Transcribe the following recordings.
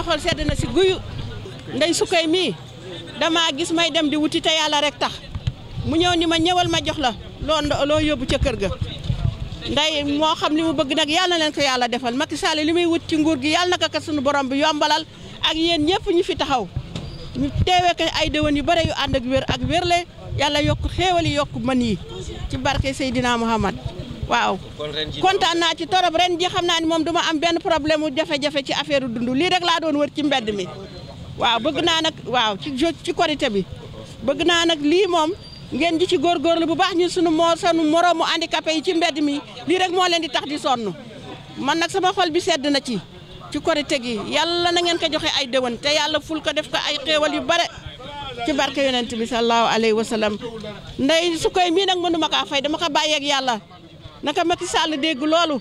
sama sedd na si guyu ndey sukkay mii damaa gis may dem di wuti te yàlla rek tax mu ñëw ni ma ñëwal ma jox la loo loo yóbbu ca kër ga nday moo xam li mu bëgg nag yàlla na leen ko yàlla defal Macky Sall li muy wut ci nguur gi yàlla na ko kat suñu borom bi yombalal ak yéen ñëpp ñu fi taxaw ñu teewee ko ay déwén yu bare yu ànd ak wér ak wérle yàlla yokk xéewal yokk ma nii ci barke Seydina Muhammad waaw kontaan naa ci torop ren ji xam naa ni moom duma am benn problème mu jafe-jafe ci affaire dund lii rek laa doon wër ci mbedd mi waaw bëgg naa nag waaw ci ci korité bi bëgg naa nag lii moom ngeen di ci góor góorgóorlu bu baax ñu sunu moo sa nu moroomu handicapé yi ci mbedd mi lii rek moo leen di tax di sonn man nag sama xol bi sedd na ci ci korité gi yàlla na ngeen ko joxe ay déwén te yàlla ful ko def ko ay xéewal yu bare ci barke yonent bi sallallahu alayhi wa sallam ndey su koy mii nag mënuma kaa fay dama ko bàyyeeg yàlla naka Macky Sall dégg loolu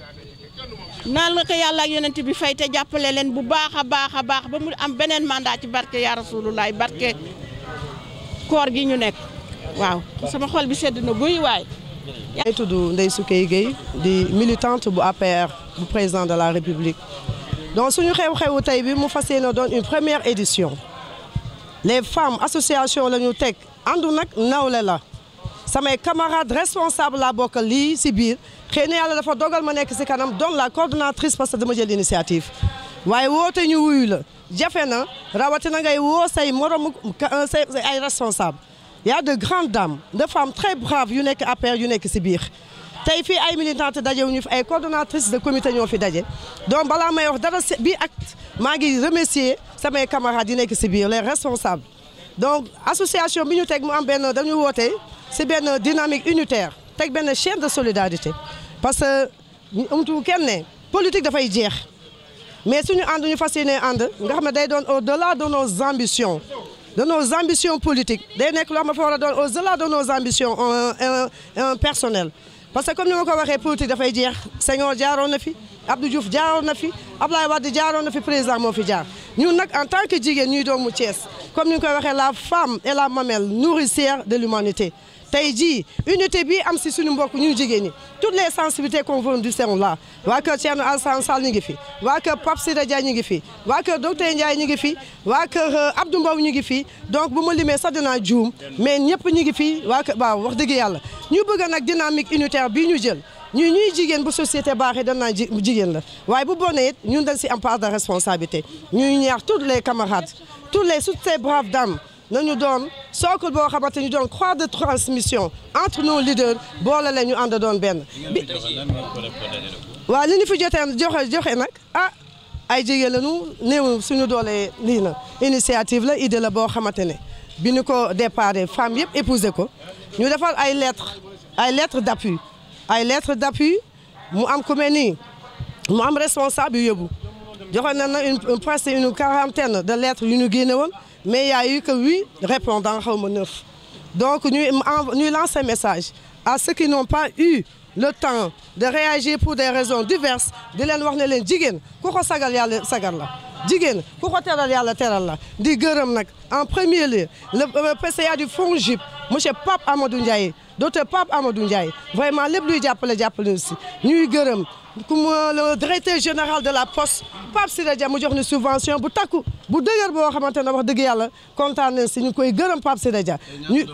naan la ko yàlla ak yonent bi fay te jàppale leen bu baax a baax a baax ba mu am beneen mandat ci barke yaa rasulullaay barke koor gi ñu nekk waaw sama xol bi sedd na guy waay. may tudd Ndeye Soukeye Gueye di militante bu APR bu président de la République donc suñu xew xew tey bi mu fas yéene doon une première édition les femmes association lañu teg àndu nag nawle la. samay camarades responsables laa bokkal lii si biir xëy na yàlla dafa dogal ma nekk si kanam don la coordonnatrice parce que dama jël initiative waaye woote ñu wuyu la jafe na rawatina ngay woo say morom euh, say ay responsables y a de grandes dames de femmes très braves yu nekk APR yu nekk si biir. tey fi ay militante daje wu ñu fi ay coordonnatrice de comité ñoo fi daje donc balaa may wax dara bi ak maa ngi remercier samay camarades yi nekk si biir les responsables donc association bi ñu teg mu am benn dañu woote. si benn euh, dynamique unitaire teg benn chaîne de solidarité parce que umtu kenn ne politique dafay jeex mais suñu ànd ñu fas yéene ànd nga xam ne day doon au la de nos ambitions de nos ambitions politiques day nekk loo ma ne fa war a doon de nos ambitions personnelles parce que comme ni ma ko waxee politique dafay jeex Senghor jaaroon na fi Abdou Diouf jaaroon na fi Abdoulaye Wade jaaroon na fi président moo fi jaar ñun nag en tant que jigéen ñuy doomu Thiès comme ni ñu koy waxee la femme est la mamelle nourricière de l'humanité tey jii unité bii am si suñu mbokk ñu jigéen ñi toutes les sensibilités qu'on veut du sein là waa kër Thierno Alassane Sall ñu ngi fi waa kër Pape Sida Dia ñu ngi fi waa kër docteur Ndiaye ñu ngi fi waa kër euh, Abdou Mbow ñu ngi fi donc bu ma limee sax dinaa juum mais ñëpp ñu ngi fi waa kër waaw wax dëgg yàlla ñu bëgg nag dynamique unitaire bii ñu jël ñu ñuy jigéen bu société baaxee dañ naan jigéen la waaye bu bonee it ñun dañ si am part de responsabilité ñuy ñaax tous les camarades tous les toutes ces braves na ñu doon socle boo xamante ñu doon croix de transmission entre nos leaders boole la ñu ànd doon benn bi waaw li ñu fi jotee joxe joxe nag ah ay jigéen la ñu néew suñu doole lii na initiative la idée la boo xamante ne bi ñu ko déparé femme yëpp épousé ko ñu defal ay lettres ay lettres d'appui ay lettre d'appui mu ni mu am responsable yu yóbbu joxoon nañ na une presque une quarantaine de lettres yu ñu génne woon mais il y a eu que donc ñuy ñuy lancer message à ceux qui n'ont pas eu le temps de réagir pour des raisons diverses di leen wax ne leen jigéen ku ko sagal yàlla sagal la jigéen ku ko teral yàlla teral la di gërëm nag en premier lieu le PCA du FONGIP monsieur Pape Amadou Ndiaye docteur Pape Amadou Ndiaye vraiment lépp luy jàppale jàppale si ñuy gërëm comme le directeur général de la poste Pape Siré Dia mu jox ñu subvention bu takku bu dëgër boo xamante ne wax dëgg yàlla kontaan nañ si ñu koy gërëm Pape Siré Dia ñu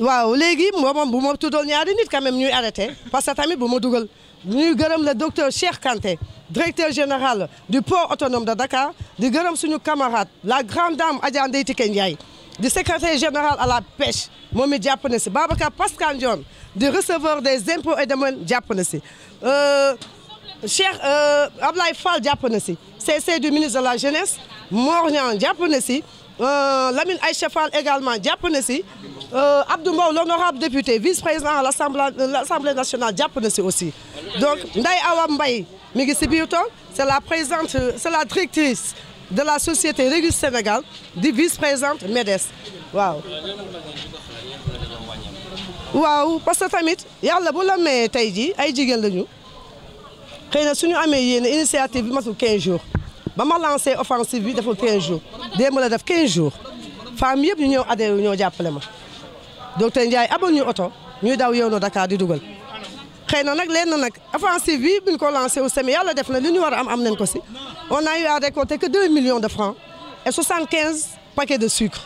waaw léegi moom bu ma tuddool ñaari nit quand même ñuy arrêté parce que tamit bu ma dugal ñuy gërëm la docteur Cheikh Kanté directeur général du port autonome de Dakar di gërëm suñu camarade la grande dame Adja Ndeye Tické Ndiaye di secrétaire général à la pêche moom it jàpp na si Babacar Pascal Ndione di receveur des impôts et domaines jàpp na si euh, Cheikh euh, Ablaye Fall jàpp na si CC du ministre de la jeunesse Mor Niang jàpp na si euh, Lamine ay Fall également jàpp na si Euh, Abdou Mbow l'honorable député vice-président à euh, l'Assemblée nationale jàpp na si aussi donc Ndeye Awa mbay mi ngi si biir tool c'est la présidente c'est la directrice de la société Régis Sénégal di vice-présidente MEDES waaw waaw parce que tamit yàlla bu la mayee tey jii ay jigéen lañu xëy na suñu amee yéen initiative bi matul 15 jours ba ma lancé offensive bi deful 15 jours démb a def 15 jours femmes yëpp ñu ñëw adhéré ñoo jàppale ma docteur Ndiaye abal ñu oto ñuy daw yoonu Dakar di dugal xëy na nag lenn nag offensive bi buñ ko lancé au semi yàlla def na li ñu war am am nañ ko si on a eu à récolter que 2 millions de francs et 75 paquets de sucre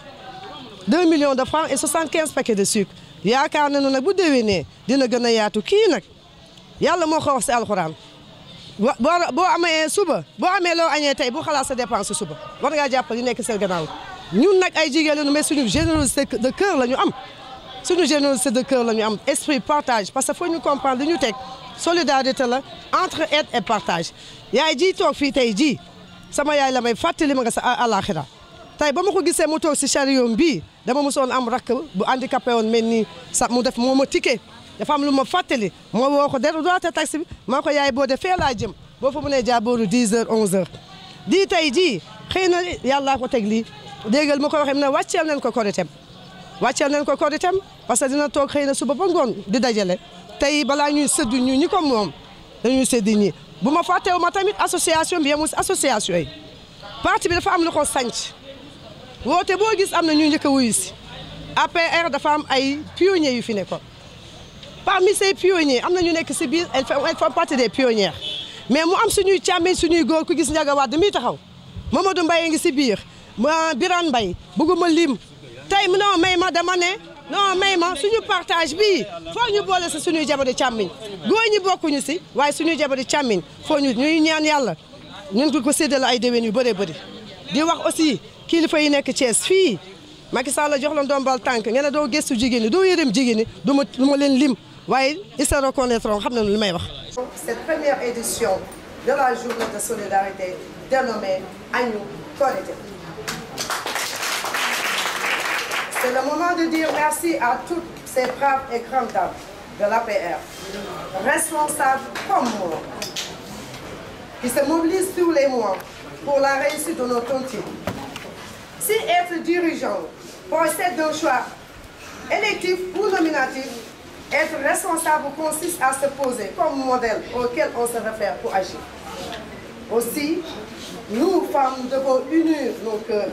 2 millions de francs et 75 paquets de sucre yaakaar nañu nag bu nee dina gën a yaatu kii nag yàlla moo ko wax si alxuraan wa boo boo amee suba boo amee loo añee tey bu xalaat sa dépense suba war ngaa jàpp li nekk seen gannaaw ñun nag ay jigéen lañu mais suñu générosité de cœur la ñu am. suñu générosité de cœur la ñu am esprit partage parce que faut ñu comprendre li ñu teg solidarité la entre aide et partage yaay ji toog fii tey jii sama yaay la may fàttali ma nga sa àlaxira tey ba ma ko gisee mu toog si chariot bii dama mosoon am rakk bu handicapé woon mel ni sa mu def moo ma tikkee dafa am lu ma fàttali moo woo ko der doite taxi bi maa ko yaay boo defee laa jëm boo fa mënee jaabooru 10 heures 11 heures di tey jii xëy na yàllaa ko teg lii déggal ma ko waxee mu ne wàcceel nañ ko koritem wàcceel nañ ko koritam parce que dina toog xëy na suba ba ngoon di dajale tey balaa ñuy séddu ñu ko moom dañuy séddu ñi bu ma fàttewu ma tamit association bi yemul association yi parti bi dafa am lu ko sanc woote boo gis am na ñu njëkk a wuyu si dafa am ay pionniers yu fi nekkoon parmi ces pionniers am na ñu nekk si biir elles font partie des pionnières mais mu am suñuy càmmiñ suñuy góor ku gis Ndiaga Wade mi taxaw ma Mamadou Mbaye ngi si biir ma mbay Mbaye bëgguma lim tey non may ma dama ne non may ma suñu partage bii foo ñu boole si suñuy jabaru càmmiñ góor ñi bokkuñu si waaye suñuy jabaru càmmiñ foo ñu ñuy ñaan yàlla ñu ngi ko séddale ay déwén yu bëree bëri di wax aussi kilifa yi nekk Thiès fii Macky Sall jox la ndombal tànk nga ne doo gëstu jigéen ñi doo yërëm jigéen ñi du ma ma leen lim waaye ils se reconnaîtront xam nañu li may wax. cette première édition de C'est le moment de dire merci à toutes ces braves et grandes dames de l'APR, responsables comme moi, qui se mobilisent tous les mois pour la réussite de nos tontines. Si être dirigeant procède d'un choix électif ou nominatif, être responsable consiste à se poser comme modèle auquel on se réfère pour agir. Aussi, nous, femmes, devons unir nos cœurs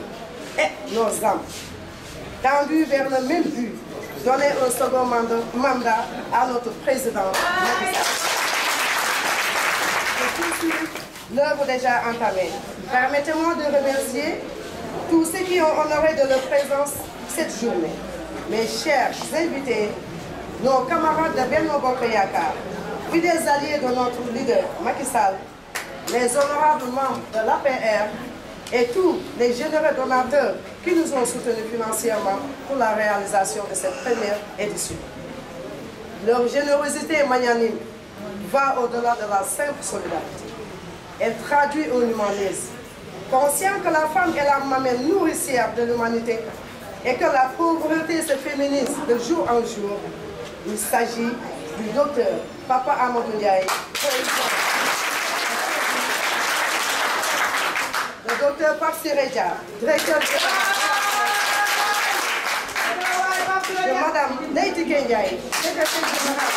et nos âmes tendu vers le même but, donner un second mandat à notre président Macky Sall. Et l'œuvre déjà entamée. Permettez-moi de remercier tous ceux qui ont honoré de leur présence cette journée. Mes chers invités, nos camarades de Benno Bokk Yakaar, fidèles alliés de notre leader Macky les honorables membres de l'APR et tous les généreux donateurs qui nous ont soutenus financièrement pour la réalisation de cette première édition. Leur générosité magnanime va au-delà de la simple solidarité. Elle traduit un humanisme, conscient que la femme est la mamelle nourricière de l'humanité et que la pauvreté se féminise de jour en jour. Il s'agit du docteur Papa Amadou Ndiaye. le docteur Pape Siré Dia directeur général de madame Ndeye Tické Ndiaye secrétaire général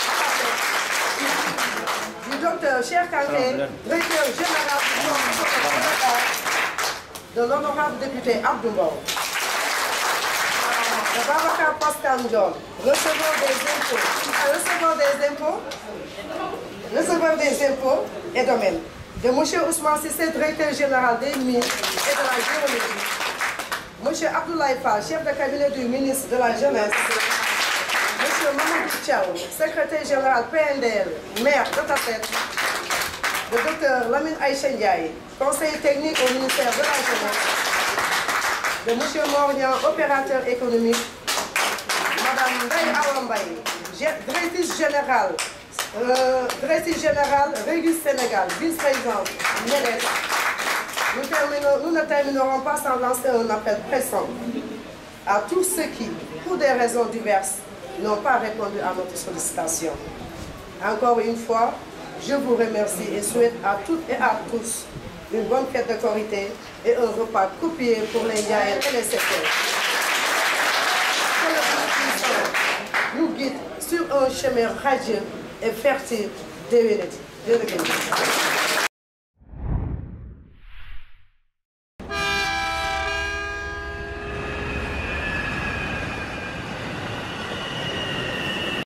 du docteur Cheikh Kanté ah, directeur général du de l'honorable député Abdou Mbow de Babacar Pascal Ndione receveur des impôts receveur des impôts receveur des impôts et domaines de M. Ousmane Sissé, directeur général des mines et de la géologie, M. Abdoulaye Fall, chef de cabinet du ministre de la Jeunesse, M. Mamadou Tchao, secrétaire général PNDL, maire de Tafette, le docteur Lamine Aïcha technique au ministère de la Jeunesse, de M. Mornian, opérateur économique, Mme Ndaye Awambaye, directrice générale Euh, Directrice générale, Régus Sénégal, vice-présidente, Mérès. Nous, nous ne terminerons pas sans lancer un appel pressant à tous ceux qui, pour des raisons diverses, n'ont pas répondu à notre sollicitation. Encore une fois, je vous remercie et souhaite à tous une bonne fête de Corité et un repas copié pour les Yaël et les Séquelles. Que le nous guide sur un chemin radieux et faire ses déwénati jërëjëf